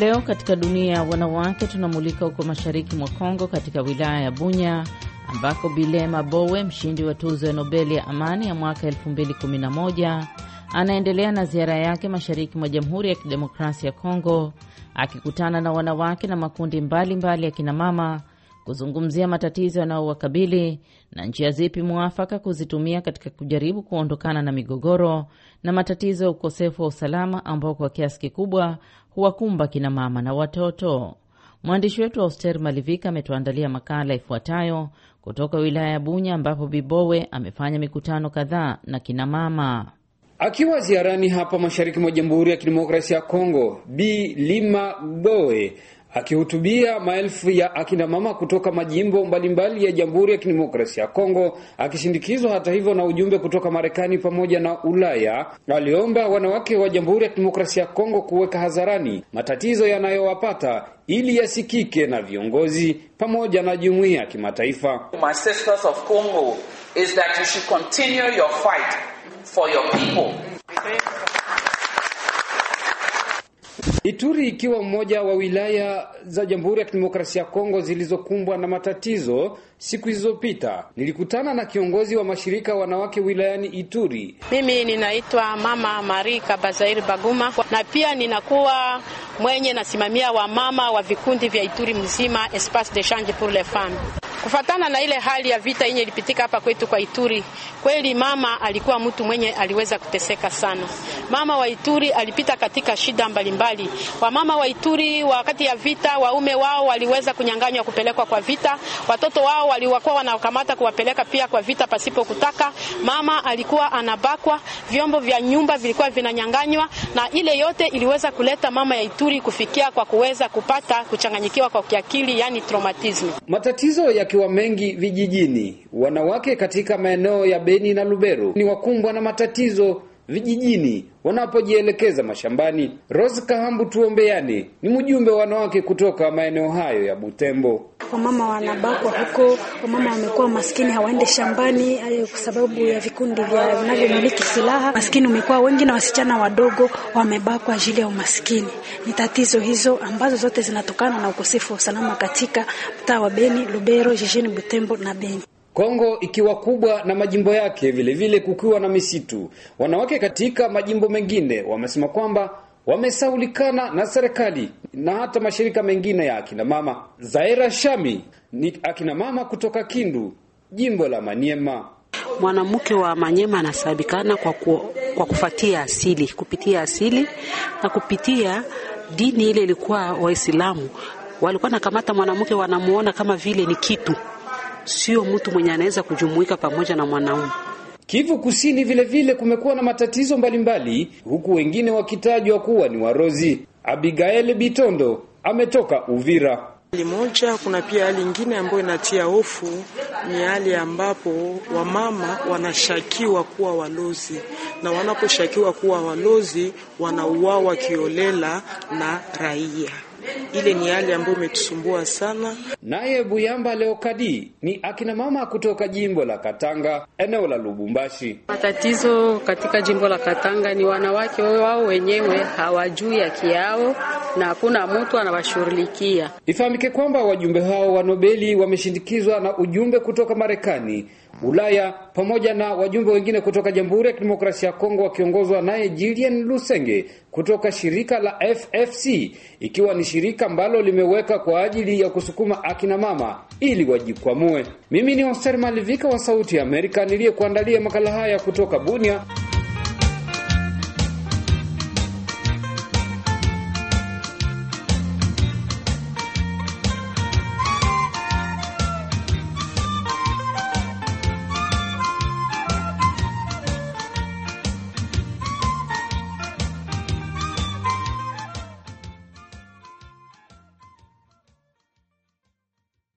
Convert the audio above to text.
Leo katika dunia ya wanawake tunamulika huko mashariki mwa Kongo, katika wilaya ya Bunya ambako Bilema Bowe, mshindi wa tuzo ya Nobeli ya amani ya mwaka 2011 anaendelea na ziara yake mashariki mwa Jamhuri ya Kidemokrasia ya Kongo akikutana na wanawake na makundi mbalimbali mbali ya kinamama kuzungumzia matatizo yanayowakabili na njia zipi mwafaka kuzitumia katika kujaribu kuondokana na migogoro na matatizo ya ukosefu wa usalama ambao kwa kiasi kikubwa huwakumba kina mama na watoto. Mwandishi wetu wa Auster Malivika ametuandalia makala ifuatayo kutoka wilaya ya Bunya, ambapo Bibowe amefanya mikutano kadhaa na kinamama. Akiwa ziarani hapa mashariki mwa Jamhuri ya Kidemokrasia ya Kongo, Bi Lima Bowe Akihutubia maelfu ya akinamama kutoka majimbo mbalimbali ya Jamhuri ya Kidemokrasia ya Kongo, akishindikizwa hata hivyo na ujumbe kutoka Marekani pamoja na Ulaya, aliomba wanawake wa Jamhuri ya Kidemokrasia ya Kongo kuweka hadharani matatizo yanayowapata ili yasikike na viongozi pamoja na jumuiya ya kimataifa. My sisters of Congo is that you should continue your fight for your people. Ituri ikiwa mmoja wa wilaya za Jamhuri ya Kidemokrasia ya Kongo zilizokumbwa na matatizo siku zilizopita, nilikutana na kiongozi wa mashirika wanawake wilayani Ituri. Mimi ninaitwa Mama Mari Kabazairi Baguma, na pia ninakuwa mwenye nasimamia wamama wa vikundi vya Ituri mzima, Espace de Change pour les Femmes. Kufatana na ile hali ya vita yenye ilipitika hapa kwetu kwa Ituri, kweli mama alikuwa mtu mwenye aliweza kuteseka sana. Mama wa Ituri alipita katika shida mbalimbali. Wamama wa Ituri wakati ya vita, waume wao waliweza kunyang'anywa kupelekwa kwa vita, watoto wao waliwakuwa wanakamata kuwapeleka pia kwa vita pasipo kutaka. Mama alikuwa anabakwa, vyombo vya nyumba vilikuwa vinanyanganywa, na ile yote iliweza kuleta mama ya Ituri kufikia kwa kuweza kupata kuchanganyikiwa kwa kiakili, yani traumatism. Matatizo yakiwa mengi vijijini, wanawake katika maeneo ya Beni na Lubero ni wakumbwa na matatizo vijijini wanapojielekeza mashambani. Rose Kahambu tuombeane ni mjumbe wa wanawake kutoka maeneo hayo ya Butembo. Wamama wanabakwa huko, wamama wamekuwa maskini, hawaende shambani eh, kwa sababu ya vikundi vya vinavyomiliki silaha. Maskini umekuwa wengi na wasichana wadogo wamebakwa ajili ya umaskini. Ni tatizo hizo ambazo zote zinatokana na ukosefu wa usalama katika mtaa wa Beni, Lubero, jijini Butembo na Beni. Kongo ikiwa kubwa na majimbo yake vilevile vile kukiwa na misitu. Wanawake katika majimbo mengine wamesema kwamba wamesaulikana na serikali na hata mashirika mengine ya akina mama. Zaira Shami ni akina mama kutoka Kindu, jimbo la Maniema. Mwanamke wa Manyema anasabikana kwa, ku, kwa kufatia asili kupitia asili na kupitia dini ile ilikuwa Waislamu walikuwa nakamata mwanamke wanamuona kama vile ni kitu sio mtu mwenye anaweza kujumuika pamoja na mwanaume. Kivu Kusini vilevile vile kumekuwa na matatizo mbalimbali mbali, huku wengine wakitajwa kuwa ni warozi. Abigael Bitondo ametoka Uvira. Hali moja, kuna pia hali ingine ambayo inatia hofu, ni hali ambapo wamama wanashakiwa kuwa walozi, na wanaposhakiwa kuwa walozi wanauawa kiolela na raia. Ile ni hali ambayo imetusumbua sana. Naye Buyamba Leokadi ni akina mama kutoka jimbo la Katanga, eneo la Lubumbashi. Matatizo katika jimbo la Katanga ni wanawake wao wenyewe hawajui haki yao na hakuna mtu anawashughulikia. Ifahamike kwamba wajumbe hao wa Nobeli wameshindikizwa na ujumbe kutoka Marekani, Ulaya pamoja na wajumbe wengine kutoka Jamhuri ya Kidemokrasia ya Kongo wakiongozwa naye Julien Lusenge kutoka shirika la FFC, ikiwa ni shirika ambalo limeweka kwa ajili ya kusukuma akina mama ili wajikwamue. Mimi ni Hoser Malivika wa Sauti ya Amerika niliyekuandalia makala haya kutoka Bunia.